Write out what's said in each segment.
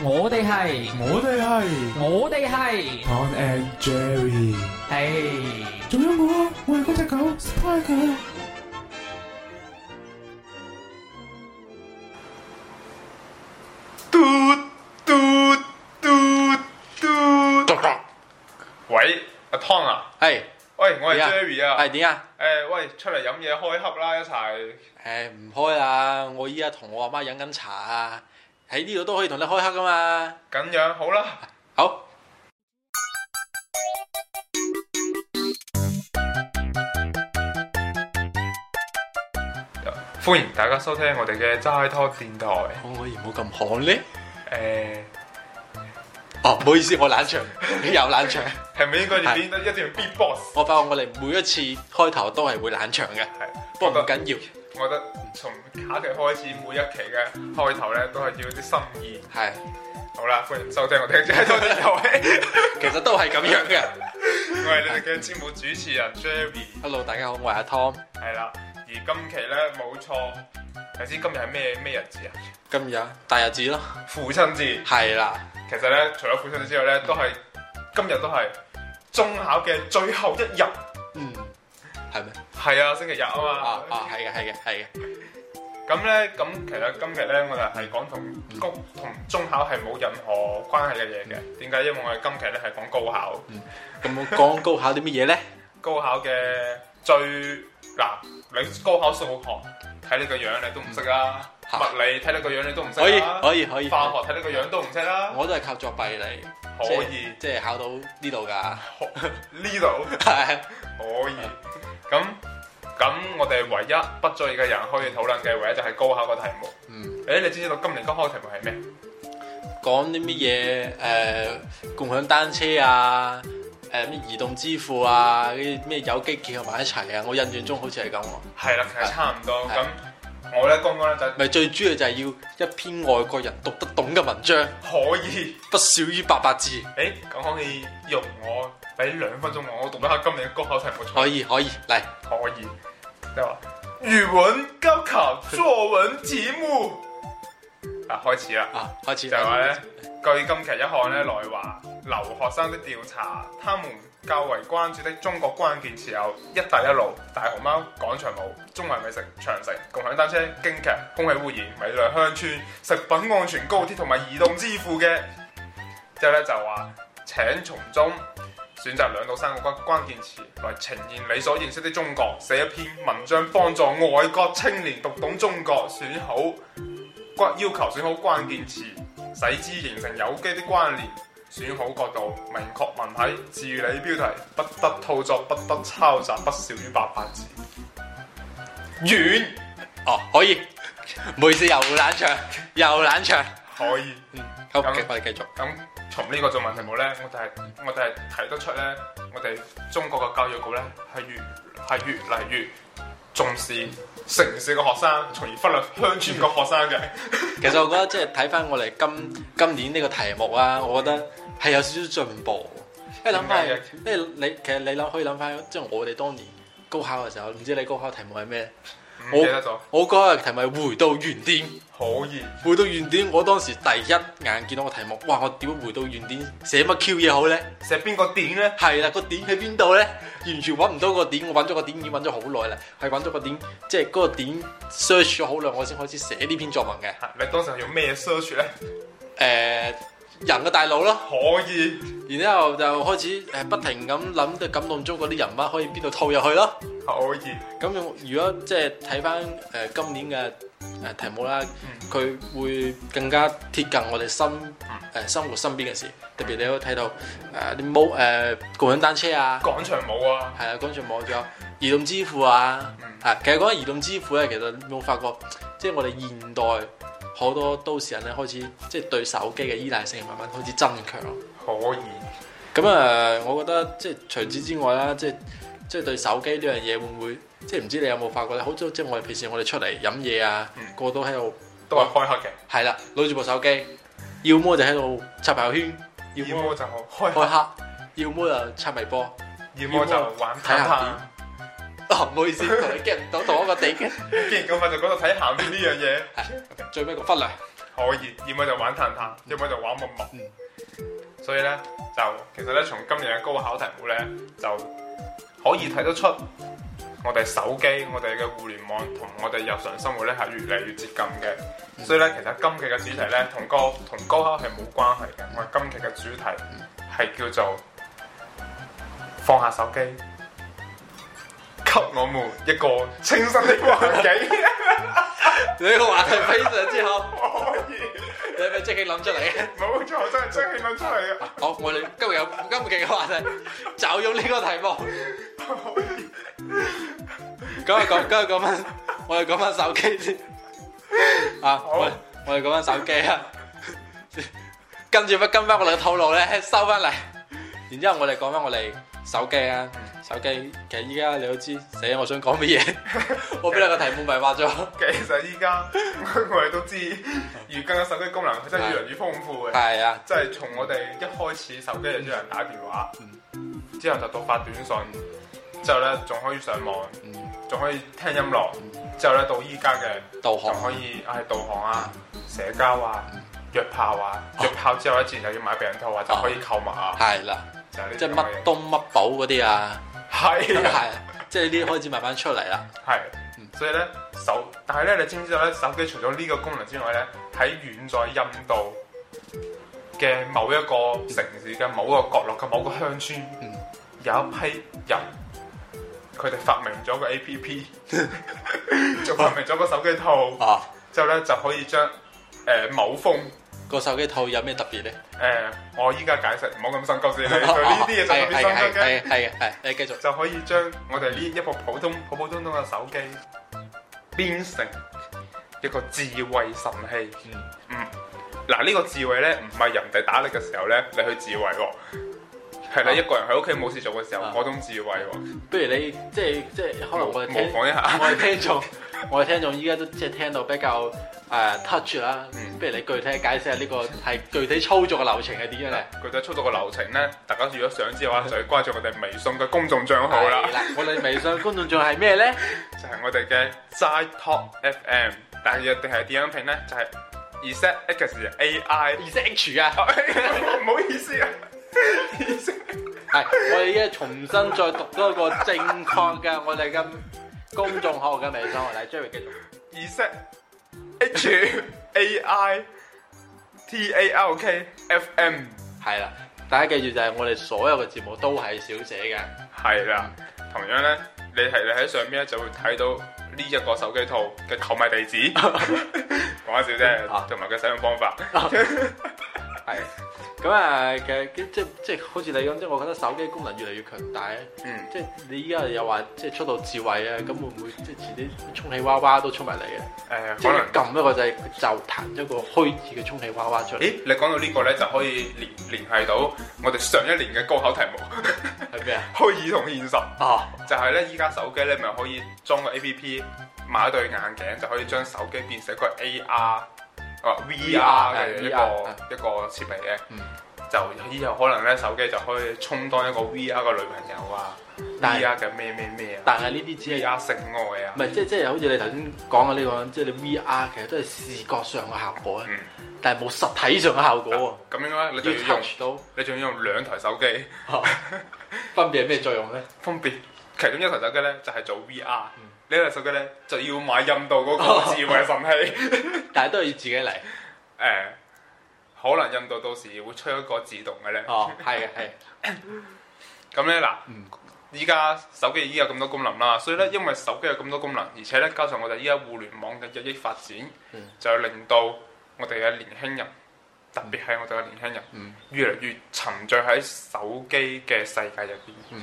我哋係，我哋係，我哋係。Tom and Jerry，係。仲有我，我係嗰隻狗 Spider。喂，阿 Tom 啊，係。喂，我係 Jerry 啊。係點啊？誒，喂，啊、喂，出嚟飲嘢開恰啦，一齊。誒、呃，唔開啊，我依家同我阿媽飲緊茶啊。喺呢度都可以同你開黑噶嘛？咁樣好啦，好。歡迎大家收聽我哋嘅齋拖電台。可唔可以唔好咁寒咧？誒，哦，唔好意思，我冷場，你又冷場，係咪應該要變得一定要 Beatbox？我發覺我哋每一次開頭都係會冷場嘅，不過唔緊要。我覺得從下期開始，每一期嘅開頭咧都係要啲心意。係是。好啦，歡迎收聽我哋嘅《多啲遊戲》，其實都係咁樣嘅。 我係你哋嘅節目主持人 Jerry。Hello，大家好，我係阿 Tom。係啦，而今期咧冇錯，你知今日係咩咩日子啊？今日大日子咯，父親節。係啦的，其實咧除咗父親節之外咧，都係今日都係中考嘅最後一日。嗯。係咩？係啊，星期日啊嘛。啊啊，係、啊、嘅，係嘅，係嘅。咁咧，咁、 嗯、其實今日咧，我哋係講同高同中考係冇任何關係嘅嘢嘅。點解？因為我哋今期咧係講高考。咁講高考啲乜嘢咧？高考嘅最難，你高考數學睇呢個樣，你都唔識啦。嗎物理睇呢個樣，你都唔識。可以，可以，可以。化學睇呢個樣以都唔識啦。我都係靠作弊嚟。的以以可以，即係考到呢度㗎。呢度係可以。咁咁，我哋唯一不在意嘅人可以討論嘅唯一就係高考個題目。嗯。誒，你知唔知道今年高考題目係咩？講啲乜嘢？誒、呃，共享單車啊，誒、呃，咩移動支付啊，嗰啲咩有機結合埋一齊啊！我印象中好似係咁喎。係啦，其實差唔多。咁的我咧剛剛咧就咪最主要就係要一篇外國人讀得懂嘅文章，可以不少於八百字。誒，咁可以用我。俾兩、哎、分鐘我，我讀一下今年嘅高考題目。可以可以，嚟可以。即係話，語文高考作文題目。 開始了啊，開始啦！啊，開始就話咧，據今期一項咧來華留學生的調查，他們較為關注的中國關鍵詞有「一帶一路」、「大熊貓」、「廣場舞」、「中華美食」、「長城」、「共享單車」、「京劇」、「空氣污染」、「美麗鄉村」、「食品安全」、「高鐵」同埋「移動支付」嘅。之後咧就話請從中，中。選擇兩到三個關關鍵詞來呈現你所認識的中國，寫一篇文章幫助外國青年讀懂中國。選好關，要求選好關鍵詞，使之形成有機的關聯。選好角度，明確文體，自擬標題，不得套作，不得抄襲，不少於八百字。完。哦，可以。每次又懶長，又懶長，場可以。嗯，好那我哋繼續。咁。從呢個作文題目咧，我哋係我哋係睇得出咧，我哋中國嘅教育局咧係越係越嚟越重視城市嘅學生，從而忽略鄉村嘅學生嘅。 其實我覺得即係睇翻我哋今今年呢個題目啊，我覺得係有少少進步。即係諗翻，即係你其實你諗可以諗翻，即係我哋當年高考嘅時候，唔知你高考題目係咩？我我嗰個題咪回到原點，可以意回到原點。我當時第一眼見到個題目，哇！我點回到原點，寫乜 Q 嘢好呢？寫邊個點呢？係啦，個點喺邊度呢？完全揾唔到個點，我揾咗個點已經揾咗好耐啦，係揾咗個點，即係嗰個點 search 咗好耐，我先開始寫呢篇作文嘅。你當時用咩 search 呢？誒。Uh, 人嘅大腦咯，可以，然之後就開始誒不停咁諗嘅感動中國啲人物可以邊度套入去咯，可以。咁如果即係睇翻誒今年嘅誒題目啦，佢會更加貼近我哋生誒生活身邊嘅事。特別你可以睇到誒啲冇誒共享單車啊，廣場舞啊，係啊，廣場舞仲有移動支付啊，係。其實講起移動支付咧，其實你冇發覺即係我哋現代？好多都市人咧開始即係對手機嘅依賴性慢慢開始增強。可以咁啊！我覺得即係除此之外啦，即係即係對手機呢樣嘢會唔會即係唔知你有冇發覺咧？好似即係我哋平時我哋出嚟飲嘢啊，個個、嗯、都喺度都係開黑嘅。係啦、啊，攞住部手機，要麼就喺度刷朋友圈，要麼就開開黑，要麼就刷微博，要麼就，就玩睇下。啊，唔、哦、好意思，同 你 get 唔到同 一個地嘅。既然咁快就講到睇鹹片呢樣嘢，最尾個忽略。可以，要麼就玩探探，要麼就玩陌陌。嗯、所以咧，就其實咧，從今年嘅高考題目咧，就可以睇得出，我哋手機、我哋嘅互聯網同我哋日常生活咧係越嚟越接近嘅。所以咧，其實今期嘅主題咧，同個同高考係冇關係嘅。我哋今期嘅主題係叫做放下手機。給我們一個清新的環境。呢個話題非常之好。可以。你係咪即刻諗出嚟？冇錯，真係即刻諗出嚟啊！好，我哋今日有今期嘅話題，就用呢個題目。可以。今日講，今日講翻，我哋講翻手機先。好。啊，我我哋講翻手機啊，跟住翻跟翻我哋嘅套路咧，收翻嚟。然之後我哋講翻我哋。手機啊，手機其實依家你都知，死，我想講乜嘢？我俾你個題目咪話咗。其實依家我哋都知，而家嘅手機功能真係越嚟越豐富嘅。係啊，即係從我哋一開始手機就啲人打電話，之後就到發短信，之後咧仲可以上網，仲可以聽音樂，之後咧到依家嘅導航仲可以，係導航啊，社交啊，約炮啊，約炮之後咧自然就要買避孕套啊，就可以購物啊。係啦。即係乜東乜寶嗰啲啊，係係，即係呢啲開始慢慢出嚟啦。係，所以咧手，但係咧你知唔知道咧手機除咗呢個功能之外咧，喺遠在印度嘅某一個城市嘅某個角落嘅某個鄉村，有一批人，佢哋發明咗個 APP， 就發明咗個手機套，之後咧就可以將誒某風。個手機套有咩特別咧？誒、呃，我依家解釋，唔好咁深究。神奇。呢啲嘢就特別神奇係係係係嘅。繼續。就可以將我哋呢一部普通、普普通通嘅手機，變成一個智慧神器。嗯。嗱、嗯，呢、這個智慧咧，唔係人哋打你嘅時候咧，你去智慧喎、哦。係你一個人喺屋企冇事做嘅時候，嗰、啊、種智慧喎、哦啊啊啊啊。不如你，即係即係，可能我模仿一下。我係聽錯。我哋聽眾依家都即係聽到比較誒 touch 啦，不如你具體解釋下呢 個係具體操作嘅流程係點樣咧？具體操作嘅流程咧， 大家如果想知嘅話，就要關注我哋微信嘅公眾帳號啦。係啦、 嗯，我哋微信嘅公眾號係咩咧？就係我哋嘅 Z Talk FM，但係定係點樣拼咧？就係 E S H A I。E S H 啊？唔好意思啊，係我哋依家重新再讀多一個正確嘅我哋嘅。公眾號嘅微信，大家最記得。二色 H A I T A L K F M 係啦，大家記住就係我哋所有嘅節目都係小寫嘅。係啦，同樣咧，你係你喺上邊咧就會睇到呢一個手機套嘅購買地址，講笑啫，同埋嘅使用方法。係。 咁啊，其實即即好似你咁，即我覺得手機功能越嚟越強大啊、嗯！即你依家又話即出到智慧啊，咁會唔會即遲啲充氣娃娃都出埋嚟啊？誒，可能撳一個掣就、欸、彈一個虛擬嘅充氣娃娃出嚟。誒，你講到個呢個咧，就可以聯聯繫到我哋上一年嘅高考題目係咩啊？ 虛擬同現實啊！哦、就係咧，依家手機咧咪可以裝個 A P P，買一對眼鏡就可以將手機變成一個 A R。啊 VR 嘅一個一個設備咧，就以後可能咧手機就可以充當一個 VR 嘅女朋友啊，VR 嘅咩咩咩啊，但係呢啲只係 VR 性愛啊，唔係即即係好似你頭先講嘅呢個，即係你 VR 其實都係視覺上嘅效果，啊，但係冇實體上嘅效果喎。咁樣咧，你就要用，你仲要用兩台手機，分別係咩作用咧？分別，其中一台手機咧就係做 VR。呢個手機咧就要買印度嗰個智慧神器，哦、 但係都係要自己嚟。誒、嗯，可能印度到時會出一個自動嘅咧。哦，係嘅，係 的。咁咧嗱，依 家手機已經有咁多功能啦，所以咧，因為手機有咁多功能，而且咧，加上我哋依家互聯網嘅日益發展，嗯、就令到我哋嘅年輕人，特別係我哋嘅年輕人，嗯、越嚟越沉醉喺手機嘅世界入邊。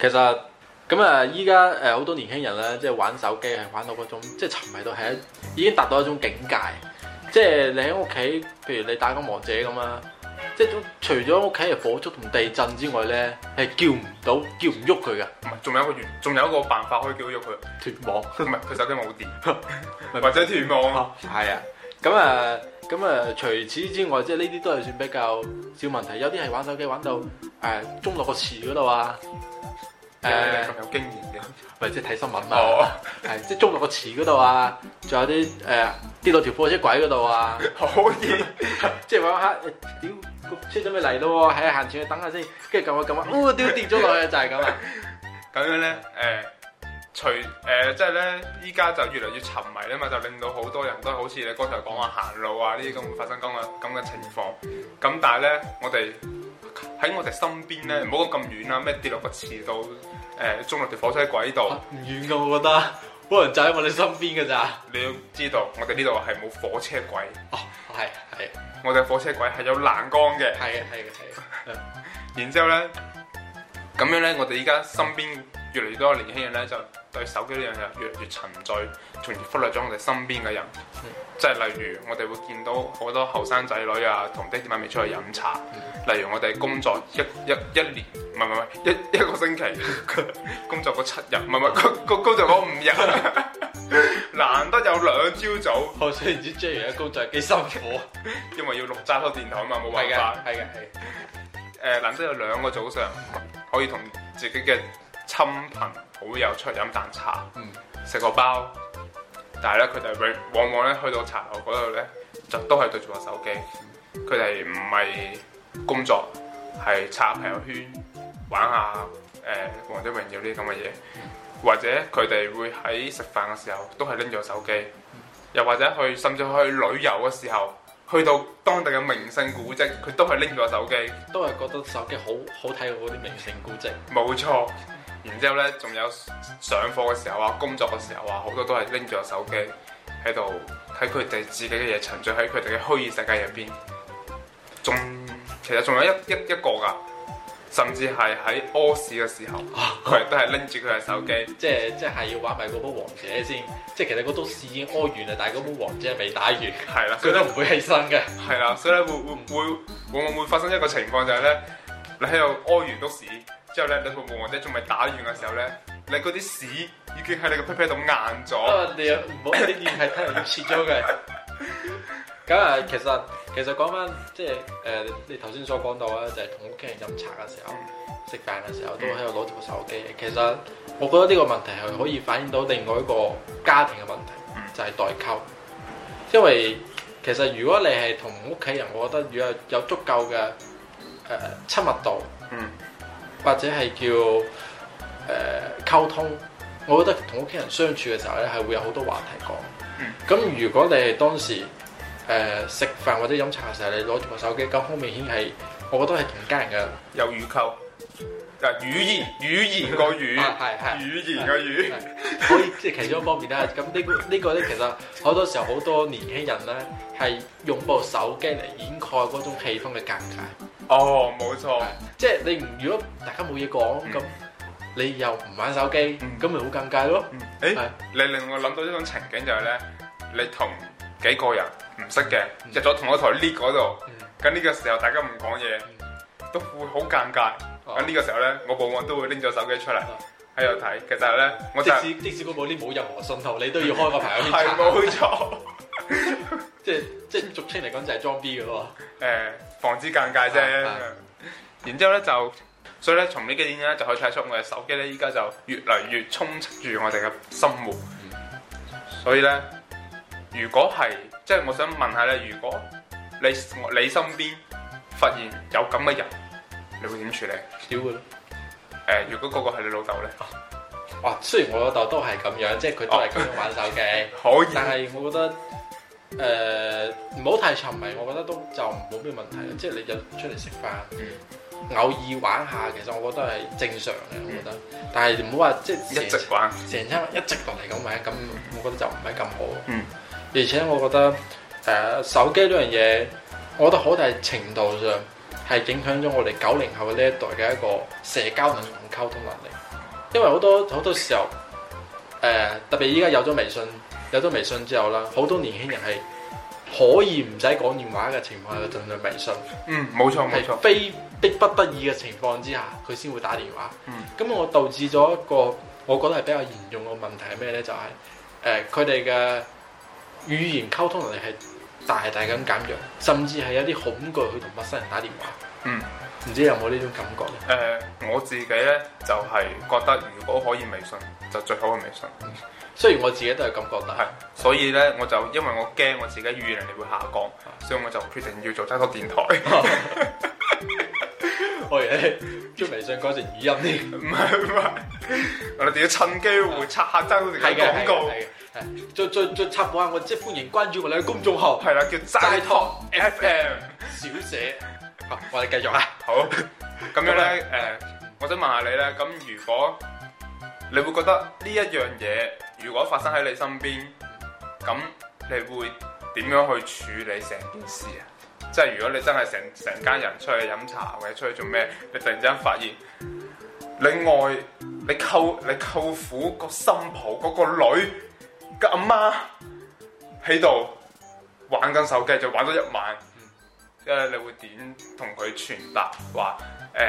其實。咁啊，依家誒好多年輕人咧，即係玩手機係玩到嗰種，即係沉迷到係一已經達到一種境界。即係你喺屋企，譬如你打緊王者咁啦，即係除咗屋企係火燭同地震之外咧，係叫唔到、叫唔喐佢㗎。唔係，仲有個仲有一個辦法可以叫喐佢，斷網，唔係佢手機冇電， 或者斷網 啊。係啊，咁啊，咁啊，除此之外，即係呢啲都係算比較小問題。有啲係玩手機玩到誒、呃、中落個池嗰度啊。誒咁有經驗嘅，或者睇新聞啊，係即係捉落個池嗰度啊，仲有啲誒跌落條火車軌嗰度啊，可以，即係話下，誒屌個車準備嚟咯喎，喺行前等下先，跟住咁下咁下，哇屌跌咗落去就係咁啊。咁樣咧誒，除誒即係咧依家就越嚟越沉迷啦嘛，就令到好多人都好似你剛才講話行路啊呢啲咁發生咁啊咁嘅情況，咁但係咧我哋喺我哋身邊咧唔好咁遠啊，咩跌落個池度。誒，裝落條火車軌度，唔遠噶，我覺得，可能站喺我哋身邊嘅咋。你要知道，我哋呢度係冇火車軌。哦，係係， 我哋火車軌係有欄杆嘅。係嘅，係嘅，係嘅。然之後咧，咁樣咧，我哋依家身邊越嚟越多年輕人咧就對手機呢樣嘢越嚟越沉醉，從而忽略咗我哋身邊嘅人。即係、嗯、例如，我哋會見到好多後生仔女啊，同爹哋媽咪出去飲茶。嗯、例如我哋工作一一一年，唔係唔係一一個星期 工作嗰七日，唔係唔係工工作嗰五日， 難得有兩朝早。好，所以唔知做完咗工作幾辛苦，因為要錄揸喺電台啊嘛，冇辦法。係嘅係。誒、呃，難得有兩個早上可以同自己嘅親朋。好有出飲啖茶，食，嗯、個包，但係咧，佢哋永往往咧，去到茶樓嗰度咧，就都係對住部手機。佢哋唔係工作，係刷朋友圈、玩下，誒，呃《王者榮耀》呢啲咁嘅嘢，或者佢哋會喺食飯嘅時候都係拎住部手機，嗯、又或者去甚至去旅遊嘅時候，去到當地嘅名勝古蹟，佢都係拎住部手機，都係覺得手機好好睇過啲名勝古蹟。冇錯。然之後咧，仲有上課嘅時候啊，工作嘅時候啊，好多都係拎住個手機喺度睇佢哋自己嘅嘢，沉醉喺佢哋嘅虛擬世界入邊。仲其實仲有一一一,一個㗎，甚至係喺屙屎嘅時候，佢亦都係拎住佢嘅手機、哦嗯，即係即係要玩埋嗰部王者先。即係其實嗰篤屎已經屙完啦，但係嗰部王者係未打完，係啦的，佢 都唔會起身嘅。係啦以， 所以會唔會會唔會，會，會發生一個情況就係、是、咧，你喺度屙完篤屎。之後咧，你個王者仲未打完嘅時候咧，你嗰啲屎已經喺你個屁屁度硬咗。啊！你唔好喺度，係睇人哋切咗嘅。咁啊， 其實其實講翻即係誒、呃，你頭先所講到咧，就係同屋企人飲茶嘅時候、食飯嘅時候都喺度攞住部手機。其實我覺得呢個問題係可以反映到另外一個家庭嘅問題，嗯、就係代溝。因為其實如果你係同屋企人，我覺得如果有足夠嘅誒親密度。嗯或者係叫誒、呃、溝通，我覺得同屋企人相處嘅時候咧，係會有好多話題講。咁、嗯、如果你係當時誒、呃、食飯或者飲茶嘅時候，你攞住部手機，咁好明顯係，我覺得係同家人嘅有語溝啊語言語言個語，係係、 啊、語言嘅語，可以即係其中一方面啦。咁呢、呢個呢、呢個咧，其實好多時候好多年輕人咧，係用部手機嚟掩蓋嗰種氣氛嘅尷尬。哦，冇錯，即係你唔，如果大家冇嘢講咁，你又唔玩手機，咁咪好尷尬咯。誒，你令我諗到一種情景就係咧，你同幾個人唔識嘅入咗同一台 lift 嗰度，咁呢個時候大家唔講嘢都會好尷尬。咁呢個時候咧，我往往都會拎咗手機出嚟喺度睇。其實咧，即使即使嗰部 lift 冇任何信號，你都要開個朋友圈查。係冇錯，即係即係俗稱嚟講就係裝逼嘅喎。誒。防止尷尬啫，啊啊、然之後咧就，所以咧從呢幾點咧就可以睇出我嘅手機咧依家就越嚟越充斥住我哋嘅生活。嗯、所以咧，如果係，即、就、係、係、我想問下咧，如果你你身邊發現有咁嘅人，你會點處理？點會？誒、呃，如果個個係你老豆呢，哇，雖然我老豆都係咁樣，啊、即係佢都係咁樣玩手機，啊、 害但係我覺得。誒，唔好、呃、太沉迷，我覺得都就冇咩問題。即係你就出嚟食飯，嗯、偶爾玩下，其實我覺得係正常嘅。嗯、我覺得，但係唔好話即係成日成日一直落嚟咁玩，咁我覺得就唔係咁好。嗯、而且我覺得，誒、呃、手機呢樣嘢，我覺得好大程度上係影響咗我哋九零後呢一代嘅一個社交能力、溝通能力。因為好多好多時候，誒、呃、特別依家有咗微信。有咗微信之後啦，好多年輕人係可以唔使講電話嘅情況下，就盡量微信。嗯，冇錯冇錯。錯非逼不得已嘅情況之下，佢先會打電話。嗯。咁我導致咗一個，我覺得係比較嚴重嘅問題係咩呢？就係、是、誒，佢哋嘅語言溝通能力係大大咁減弱，甚至係有啲恐懼去同陌生人打電話。嗯。唔知有冇呢種感覺呢？誒、呃，我自己呢，就係、是、覺得，如果可以微信，就最好係微信。嗯。雖然我自己都係咁覺，得，係、嗯、所以咧，我就因為我驚我自己語言能力會下降，嗯、所以我就決定要做齋託電台。我而家將微信改成語音添。唔係唔係，我哋要趁機會插下齋託嘅廣告。係嘅係嘅，再再再插播我即係歡迎關注我哋嘅公眾號。係啦、嗯，叫齋託 FM 小姐。好、嗯啊，我哋繼續啦、啊。好，咁樣咧，誒的，啊、我想問下你咧，咁如果你會覺得呢一樣嘢，如果發生喺你身邊，咁你會點樣去處理成件事啊？即係如果你真係成成家人出去飲茶或者出去做咩，你突然之間發現，另外你舅你舅父個新抱嗰個女個阿媽喺度玩緊手機，就玩咗一晚，誒、嗯，即你會點同佢傳達話？誒誒，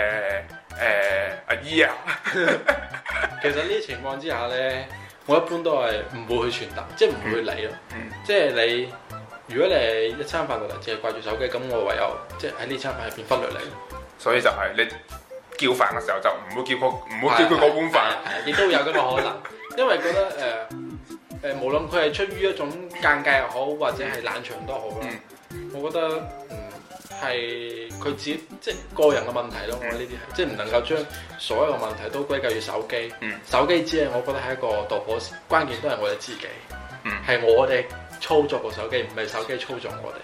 阿姨啊，欸、 其實呢啲情況之下咧。我一般都係唔會去傳達，即係唔會去理咯。嗯嗯、即係你，如果你係一餐飯落嚟，淨係掛住手機，咁我唯有即係喺呢餐飯入邊忽略你。所以就係你叫飯嘅時候就，就唔會叫佢唔會叫佢嗰碗飯。亦、啊啊啊啊、都有咁嘅可能， 因為覺得誒誒、呃，無論佢係出於一種尷尬又好，或者係冷場都好啦。嗯、我覺得。係佢自己即係個人嘅問題咯，我呢啲係即係唔能夠將所有嘅問題都歸咎於手機。嗯、手機只係我覺得係一個導火線，關鍵都係我哋自己，係、嗯、我哋操作部手機，唔係手機操作我哋。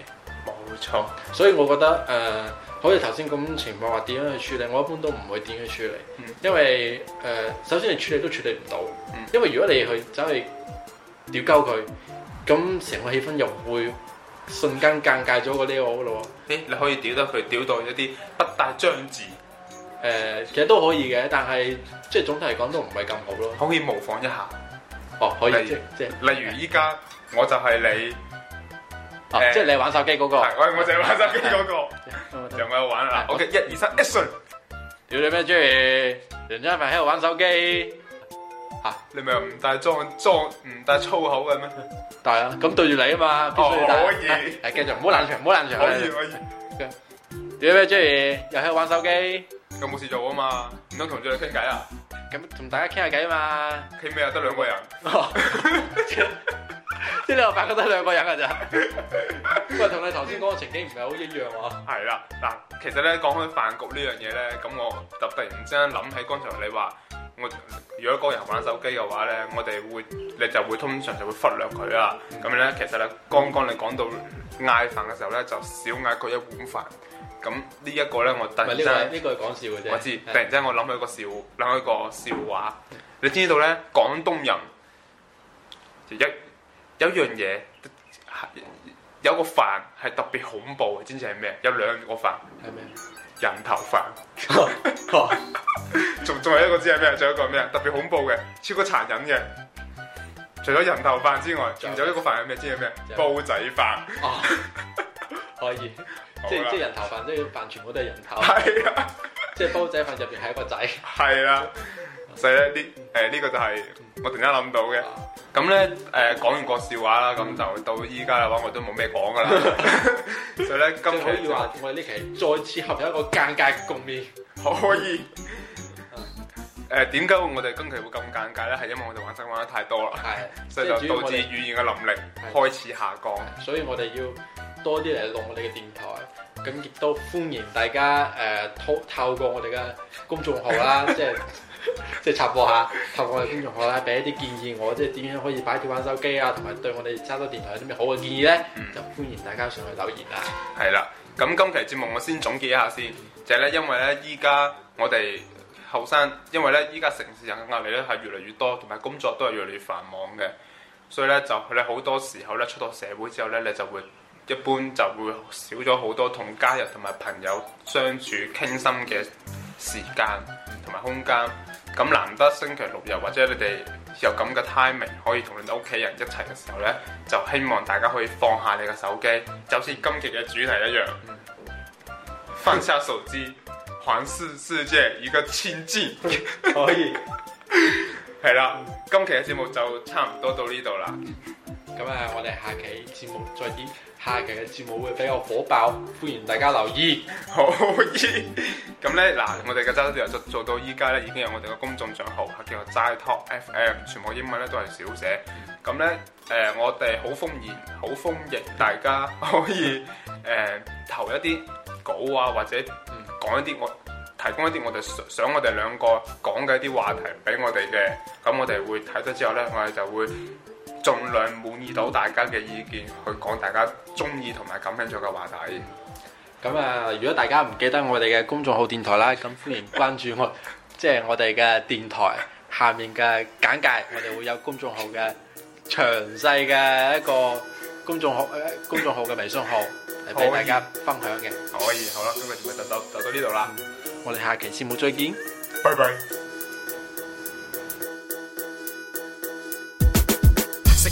冇錯，所以我覺得誒、呃，好似頭先咁情況，話點樣去處理，我一般都唔會點去處理，嗯、因為誒、呃，首先你處理都處理唔到，嗯、因為如果你去走去屌鳩佢，咁成個氣氛又會。瞬間尷尬咗個 Leo 咯喎，誒你可以屌得佢，屌到一啲不帶張字，誒其實都可以嘅，但係即係總體嚟講都唔係咁好咯。可以模仿一下，哦，可以，即係例如依家我就係你，即係你玩手機嗰個，喂我就係玩手機嗰個，又咪玩啦，OK 一二三一順，屌你咩豬？人家咪喺度玩手機，嚇你咪唔帶裝裝唔帶粗口嘅咩？大啊！咁對住你啊嘛，可以。係繼續，唔好冷場，唔好冷場。可以可以。做咩啫？又喺度玩手機。又冇事做啊嘛，唔通同住你傾偈啊？咁同大家傾下偈啊嘛。傾咩啊？得兩個人。哦，即係呢個飯局得兩個人㗎咋？唔係同你頭先講嘅情景唔係好一樣喎。係啦，嗱，其實咧講開飯局呢樣嘢咧，咁我就突然之間諗起剛才你話我。如果個人玩手機嘅話咧，我哋會你就會通常就會忽略佢喇。咁咧，其實咧，剛剛你講到嗌飯嘅時候咧，就少嗌佢一碗飯。咁呢一個咧，我突然之間呢個講的笑嘅啫。我知，突然之間我諗起一個笑，諗起一個笑話。的你知唔知道咧，廣東人一有一樣嘢，有個飯係特別恐怖，知唔知係咩？有兩個飯，係咩？人頭飯，仲仲有一個，知係咩？仲有一個咩？特別恐怖嘅，超過殘忍嘅。除咗人頭飯之外，仲有一個飯係咩？知係咩？煲仔飯。啊、可以，了即即人頭飯，即飯全部都係人頭飯。係啊，即煲仔飯入邊係一個仔。係啊，所以呢啲誒呢個就係我突然間諗到嘅。啊咁咧誒講完個笑話啦，咁就到依家嘅話我都冇咩講噶啦， 所以咧今可以話我哋呢期再次合入一個尷尬局面，可以誒點解我哋今期會咁尷尬咧？係因為我哋玩生玩得太多啦，係的，所以就導致語言嘅能力開始下降，所以我哋要多啲嚟弄我哋嘅電台，咁亦都歡迎大家誒、呃、透透過我哋嘅公眾號啦，即係。就是即係 插播下，插播 我哋觀眾可唔可以俾一啲建議我？即係點樣可以擺脫玩手機啊？同埋對我哋揸多電台有啲咩好嘅建議呢？嗯、就歡迎大家上去留言啊！係啦，咁今期節目我先總結一下先，嗯、就係咧因為咧依家我哋後生，因為咧依家城市人嘅壓力咧係越嚟越多，同埋工作都係越嚟越繁忙嘅，所以咧就佢你好多時候咧出到社會之後咧，你就會一般就會少咗好多同家人同埋朋友相處傾心嘅時間同埋空間。咁難得星期六日或者你哋有咁嘅 timing 可以同你哋屋企人一齊嘅時候呢，就希望大家可以放下你嘅手機，就好似今期嘅主題一樣，嗯、放下手機，環視 世界一個清淨， 可以係啦。 今期嘅節目就差唔多到呢度啦，咁啊、嗯，我哋下期節目再見。下期嘅節目會比較火爆，歡迎大家留意。好， 咁咧嗱，我哋嘅揸得住，做做到依家咧，已經有我哋嘅公眾賬號，係叫做齋 talk FM，全部英文咧都係小寫。咁咧，誒、呃，我哋好豐言、好豐盈，大家可以誒、 呃、投一啲稿啊，或者講一啲我提供一啲我哋想我哋兩個講嘅一啲話題俾我哋嘅，咁我哋會睇咗之後咧，我哋就會。盡量滿意到大家嘅意見，去講大家中意同埋感興趣嘅話題。咁啊，如果大家唔記得我哋嘅公眾號電台啦，咁歡迎關注我，即係我哋嘅電台下面嘅簡介，我哋會有公眾號嘅詳細嘅一個公眾號公眾號嘅微信號嚟俾大家分享嘅。可以，好啦，今日節目就到就到呢度啦，我哋下期節目再見，拜拜。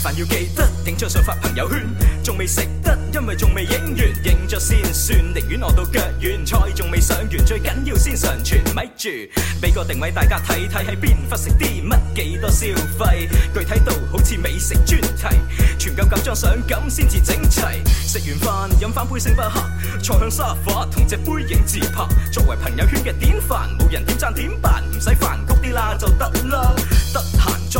飯要記得，影張相發朋友圈。仲未食得，因為仲未影完，影咗先算。寧願餓到腳軟，菜仲未上完，最緊要先上傳。咪住，俾個定位大家睇睇喺邊，發食啲乜幾多消費，具體到好似美食專題，全部夾張相咁先至整齊。食完飯飲翻杯星巴克，坐向沙發同隻杯影自拍，作為朋友圈嘅典範，冇人點讚點辦？唔使煩，谷啲啦就得啦。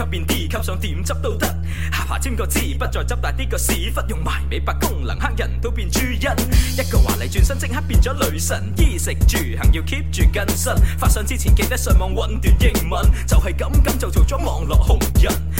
吸變 D，吸上點執都得。下巴尖個字，不再執大啲個屎忽，用埋美白功能黑人都變豬。一一個華麗轉身，即刻變咗女神。衣食住行要 keep 住更新。發相之前記得上網揾段英文，就係咁，咁就做咗網絡紅人。